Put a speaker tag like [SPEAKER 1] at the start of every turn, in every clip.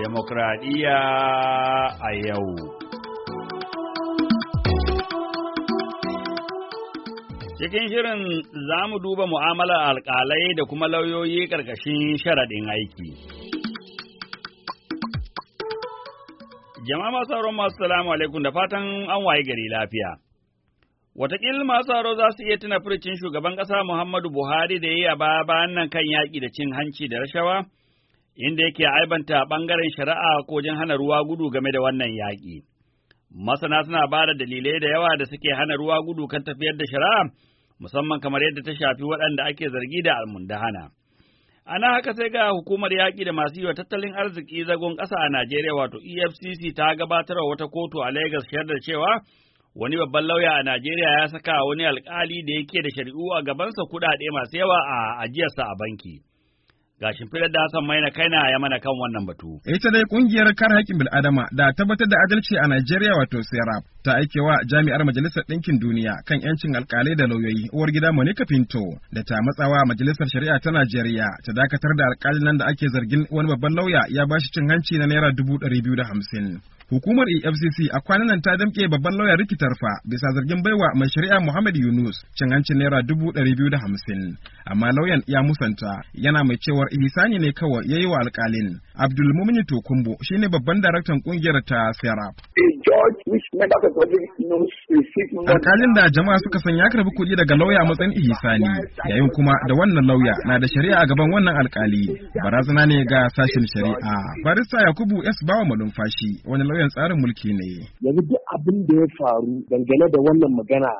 [SPEAKER 1] demokradiyya a yau. Cikin shirin za mu duba mu'amalar alkalai da kuma lauyoyi ƙarƙashin sharaɗin aiki. Jama'a masu sauran masu salamu alaikum da fatan an waye gari lafiya. Wataƙil masu haro za su iya tuna furcin shugaban ƙasa Muhammadu Buhari da ya yi a baya bayan nan kan yaƙi da cin hanci da rashawa, inda yake aibanta ɓangaren shari'a ko jin hana ruwa gudu game da wannan yaƙi. Masana suna ba da dalilai da yawa da suke hana ruwa gudu kan tafiyar da shari'a, musamman kamar yadda ta shafi waɗanda ake zargi da almundahana. Ana haka sai ga hukumar yaƙi da masu yi wa tattalin arziki zagon ƙasa a Najeriya wato EFCC ta gabatar wa wata kotu a Lagos shaidar cewa wani babban lauya a Najeriya ya saka wani alƙali da yake da shari'u a gabansa kuɗaɗe masu yawa a ajiyarsa a banki. Ga shimfidar da Hassan Maina kaina ya mana kan wannan batu.
[SPEAKER 2] Ita dai ƙungiyar kare haƙƙin bil'adama da tabbatar da adalci a Najeriya wato Serap ta aike wa jami'ar Majalisar Ɗinkin Duniya kan 'yancin alƙalai da lauyoyi uwar gida Monica Pinto da ta matsawa Majalisar Shari'a ta Najeriya ta dakatar da alƙalin nan da ake zargin wani babban lauya ya bashi cin hanci na naira dubu ɗari biyu da hamsin. Hukumar EFCC a kwanan nan ta damke babban lauya rikitar fa bisa zargin baiwa mai shari'a Muhammad Yunus cin hancin naira dubu ɗari biyu da hamsin. Amma lauyan ya musanta yana mai cewar ihsani ne kawai ya yi wa alƙalin. Abdul Mumini shi ne babban daraktan ƙungiyar ta Serap. Eh, Alkalin da jama'a suka san ya karbi kuɗi daga lauya a matsayin ihisani yayin kuma da wannan lauya na da shari'a a gaban wannan alkali barazana ne ga sashen shari'a. Barista Yakubu S Bawa Malumfashi wani lauyan tsarin mulki ne. Yanzu duk abin da ya faru dangane da wannan magana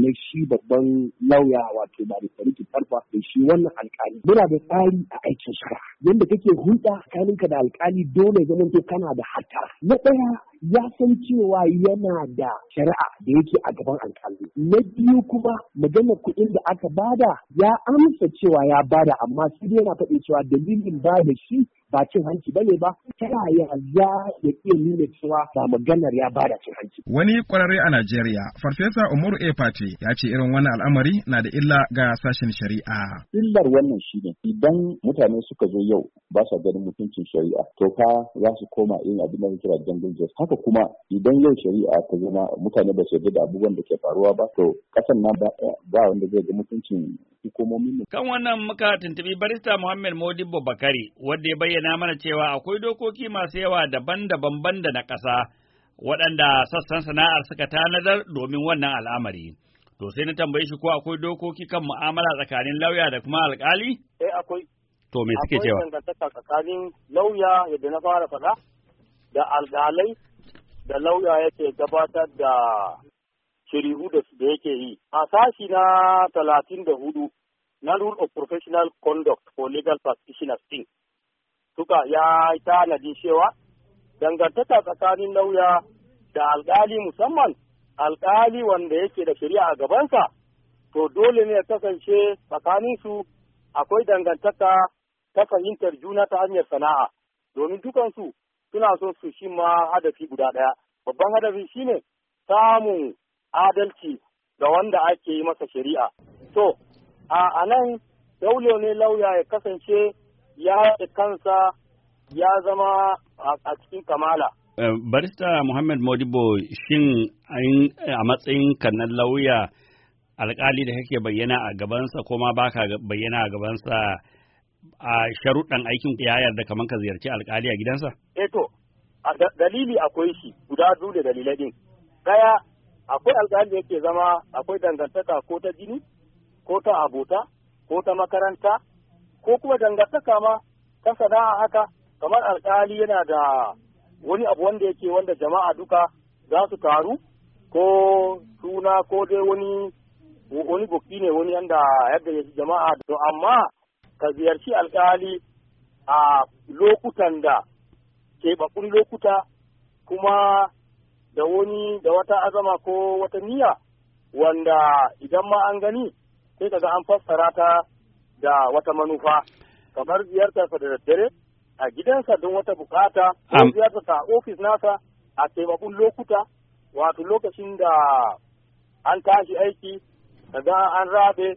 [SPEAKER 2] na
[SPEAKER 3] shi babban lauya wato barista Riki Farfa da shi wannan alkali. Muna da tsari a aikin shara. Yanda kake hulɗa tsakaninka da alkali dole zama to kana da hatta. Na ɗaya ya san cewa yana da shari'a da yake a gaban alƙali. Na biyu kuma maganar kuɗin da aka bada ya amsa cewa ya bada amma sai dai yana faɗi cewa dalilin bada shi ba cin hanci bane ba ta yaya za ya iya nuna cewa ba maganar ya bada cin hanci.
[SPEAKER 2] Wani kwararre a Najeriya, Farfesa Umaru Efate ya ce irin wannan al'amari na da illa ga sashen shari'a. Illar wannan shi ne idan mutane suka zo yau ba sa ganin mutuncin shari'a to fa za su koma yin abin da ake kira jungle Haka kuma idan yau shari'a ta zama mutane ba su yarda da abubuwan da ke faruwa ba to kasan nan ba wanda zai ga mutuncin hukumomin mu. Kan
[SPEAKER 1] wannan muka tuntubi barista Muhammad Modibo Bakari wanda ya bayyana mana cewa akwai dokoki masu yawa daban-daban banda na ƙasa waɗanda sassan sana'ar suka tanadar domin wannan al'amari. To sai na tambaye shi ko akwai dokoki kan mu'amala tsakanin lauya da kuma alƙali? Eh akwai. To me suke cewa? Akwai
[SPEAKER 3] dangantaka tsakanin lauya yadda na fara faɗa da alƙalai da lauya yake gabatar da shari'u da yake yi a sashi na talatin da hudu na rule of professional conduct for legal practitioners din suka ya tanadi cewa dangantaka tsakanin lauya da alkali musamman alkali wanda yake da shari'a a gabansa to dole ne ya kasance tsakanin su akwai dangantaka ta fahimtar juna ta hanyar sana'a domin dukansu suna son su shi ma hadafi guda ɗaya babban hadafi shine samun adalci ga wanda ake yi masa shari'a. To, a nan daule ne lauya ya kasance ya kansa ya zama a cikin kamala.
[SPEAKER 1] Eh, barista Muhammad Modibo shin a matsayin kanan lauya alkali da kake bayyana a gabansa ko ma baka bayyana a gabansa a sharuɗan aikin ya yarda kamar ka ziyarci alkali a gidansa?
[SPEAKER 3] Eto, eh dalili akwai shi guda biyu da dalilai ɗin. Ɗaya akwai alƙalin da yake zama akwai dangantaka ko ta jini ko ta abota ko ta makaranta ko kuma dangantaka ma ta sana'a haka kamar alƙali yana da wani abu wanda yake wanda jama'a duka za su taru ko suna ko dai wani wani buki ne wani yanda yadda ya jama'a to amma ka ziyarci alƙali a lokutan da keɓaɓɓun lokuta kuma da wani da wata azama ko wata niyya wanda idan ma an gani sai kaga an fassara ta da wata manufa kamar sa da daddare a gidansa don wata bukata ko ziyartarsa a ofis nasa a taimakon lokuta wato lokacin da an tashi aiki kaga an rabe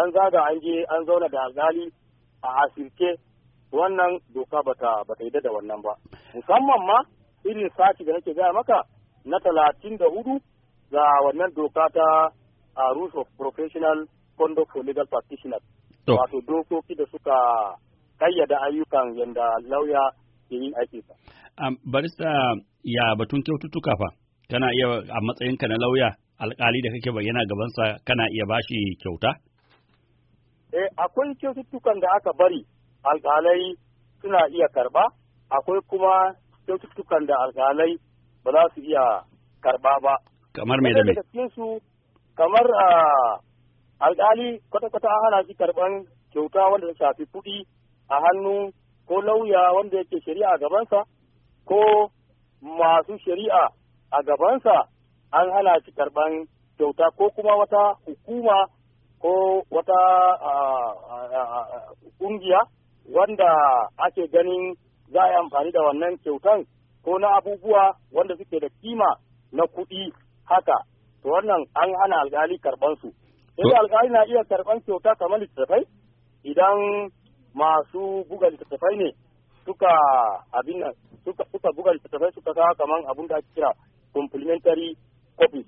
[SPEAKER 3] an zaga an je an zauna da alkali a asirke wannan doka bata bata yi da wannan ba musamman ma irin sati da nake gaya maka na talatin da hudu ga wannan doka ta a rules of professional conduct for legal practitioners wato dokoki da suka kayyada ayyukan yadda lauya ke yin aikinsa.
[SPEAKER 1] barista ya batun kyaututtuka fa kana iya a matsayinka na lauya alkali da kake bayyana gabansa kana iya bashi kyauta?
[SPEAKER 3] Eh, akwai kyaututtukan da aka bari alkalai suna iya karba akwai kuma kyaututtukan da alkalai ba za su iya karba ba kamar me da me su kamar alkali kwata-kwata an hana shi karban kyauta wanda ta shafi kuɗi a hannu ko lauya wanda yake shari'a gabansa ko masu shari'a a gabansa an hana shi karban kyauta ko kuma wata hukuma ko wata ƙungiya wanda ake ganin za a yi amfani da wannan kyautan ko na abubuwa wanda suke da kima na kuɗi haka to wannan an hana alkali karɓan su sai alkali na iya karɓan kyauta kamar littattafai idan masu buga littattafai ne suka abin nan suka buga littattafai suka kawo kamar abin da ake kira complementary copy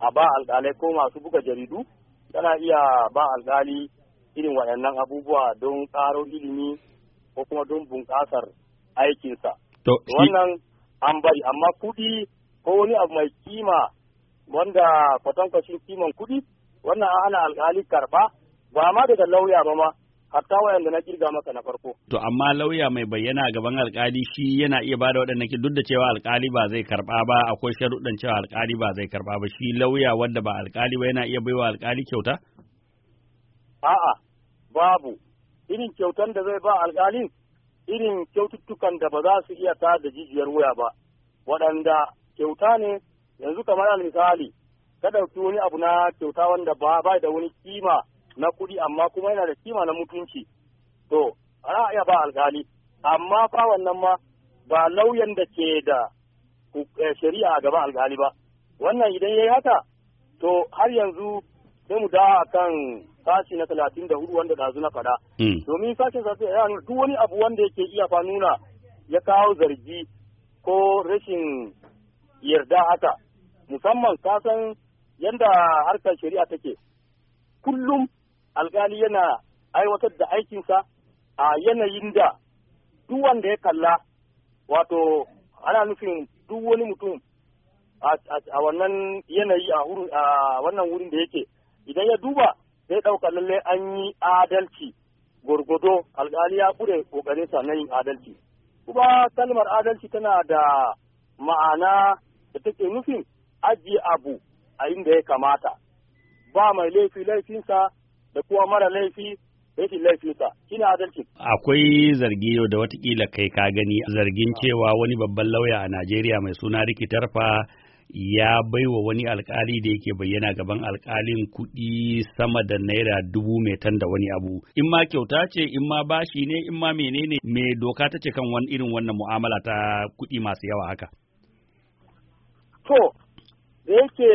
[SPEAKER 3] a ba alkalai ko masu buga jaridu tana iya ba alkali irin waɗannan abubuwa don ƙaro ilimi ko kuma don bunƙasar aikinsa.
[SPEAKER 1] Wannan
[SPEAKER 3] an bari amma kuɗi ko wani abu mai kima wanda kwatankwacin kiman kuɗi wannan ana alkali karɓa ba ma daga lauya ba ma hatta wayanda na kirga maka na
[SPEAKER 1] farko. To amma lauya mai bayyana gaban alkali shi yana iya ba da waɗannan duk da cewa alkali ba zai karɓa ba akwai sharuɗan cewa alkali ba zai karɓa ba shi lauya wanda ba alkali ba yana iya baiwa alkali kyauta?
[SPEAKER 3] A'a babu irin kyautan da zai ba alkalin irin kyaututtukan da ba za su iya ta da jijiyar wuya ba waɗanda kyauta ne yanzu kamar al misali ka ɗauki wani abu na kyauta wanda ba ba da wani kima na kuɗi amma kuma yana da kima na mutunci to ana iya ba alkali amma fa wannan ma ba lauyan da ke da eh, shari'a a gaba alkali ba wannan idan ya yi haka to har yanzu sai mu dawo kan sashi na talatin da hudu wanda ɗazu na faɗa. Hmm. Domin sashen sashi ya nuna duk wani abu wanda yake iya fa nuna ya kawo zargi ko rashin yarda haka. Musamman kasan yadda harkar shari'a take. Kullum alkali yana aiwatar da aikinsa a yanayin da duk wanda ya kalla wato ana nufin duk wani mutum a wannan yanayi a wannan wurin da yake idan ya duba sai ɗauka lalle an yi adalci gurgudo alƙali ya ƙure ƙoƙarin sa na yin adalci kuma kalmar adalci tana da ma'ana da take nufin ajiye abu a inda ya kamata ba mai laifi laifinsa da kuma mara laifi rashin laifinsa ne adalci.
[SPEAKER 1] Akwai zargi yau da watakila kai ka gani zargin cewa wani babban lauya a Najeriya mai suna rikitarfa ya baiwa wani alkali da yake bayyana gaban alkalin kuɗi sama da naira dubu mai tan da wani abu in ma kyauta ce in ma bashi ne in ma menene me doka ta ce kan wani irin wannan mu'amala ta kuɗi masu yawa haka
[SPEAKER 3] to da yake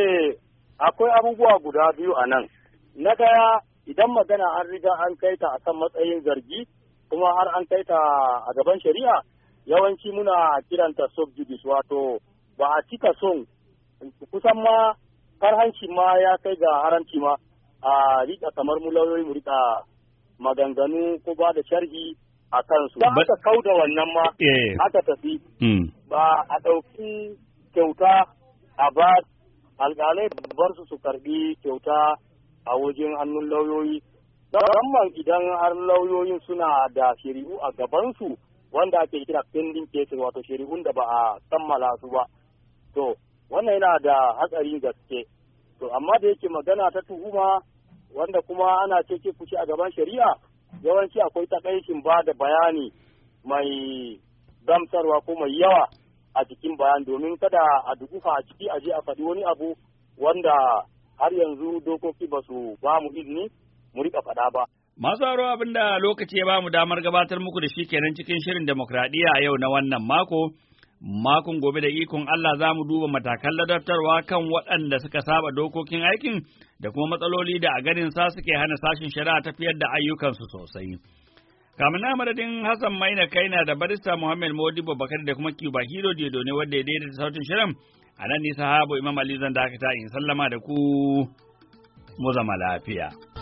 [SPEAKER 3] akwai abubuwa guda biyu a nan na daya idan magana an riga an kai ta a kan matsayin zargi kuma har an kai ta a gaban shari'a yawanci muna kiranta sub wato ba a cika son kusan ma hanci ma ya kai ga haramci ma a rika kamar mu lauyoyi mu rika maganganu ko ba da sharhi a kansu ba aka kau da wannan ma eh. aka tafi hmm. ba a ɗauki kyauta a ba alƙalai bar su su karɓi kyauta a wajen hannun lauyoyi musamman idan har lauyoyin suna da shari'u a gabansu wanda ake kira pending cases wato shari'un da ba a kammala su ba to wannan yana da hatsarin gaske to amma da yake magana ta tuhuma wanda kuma ana ce kuci a gaban shari'a yawanci akwai takaicin ba da bayani mai gamsarwa ko mai yawa a cikin bayan domin kada a dukufa a ciki aje a faɗi wani abu wanda har yanzu dokoki ba su ba mu izini mu riƙa faɗa ba.
[SPEAKER 1] Masu haro abin da lokaci ya ba mu damar gabatar muku da shi kenan cikin shirin demokradiyya yau na wannan mako. Makon gobe da ikon Allah za mu duba matakan ladartarwa kan waɗanda suka saba dokokin aikin da kuma matsaloli da a ganin sa suke hana sashin shari'a tafiyar da ayyukansu sosai. Kamin na madadin Hassan Maina na da barista Muhammad Modibo Bakar da kuma Kiba Hero Dedo ne wanda ya daidaita sautin shirin a nan ni sahabo Imam Ali zan dakata in sallama da ku mu zama lafiya.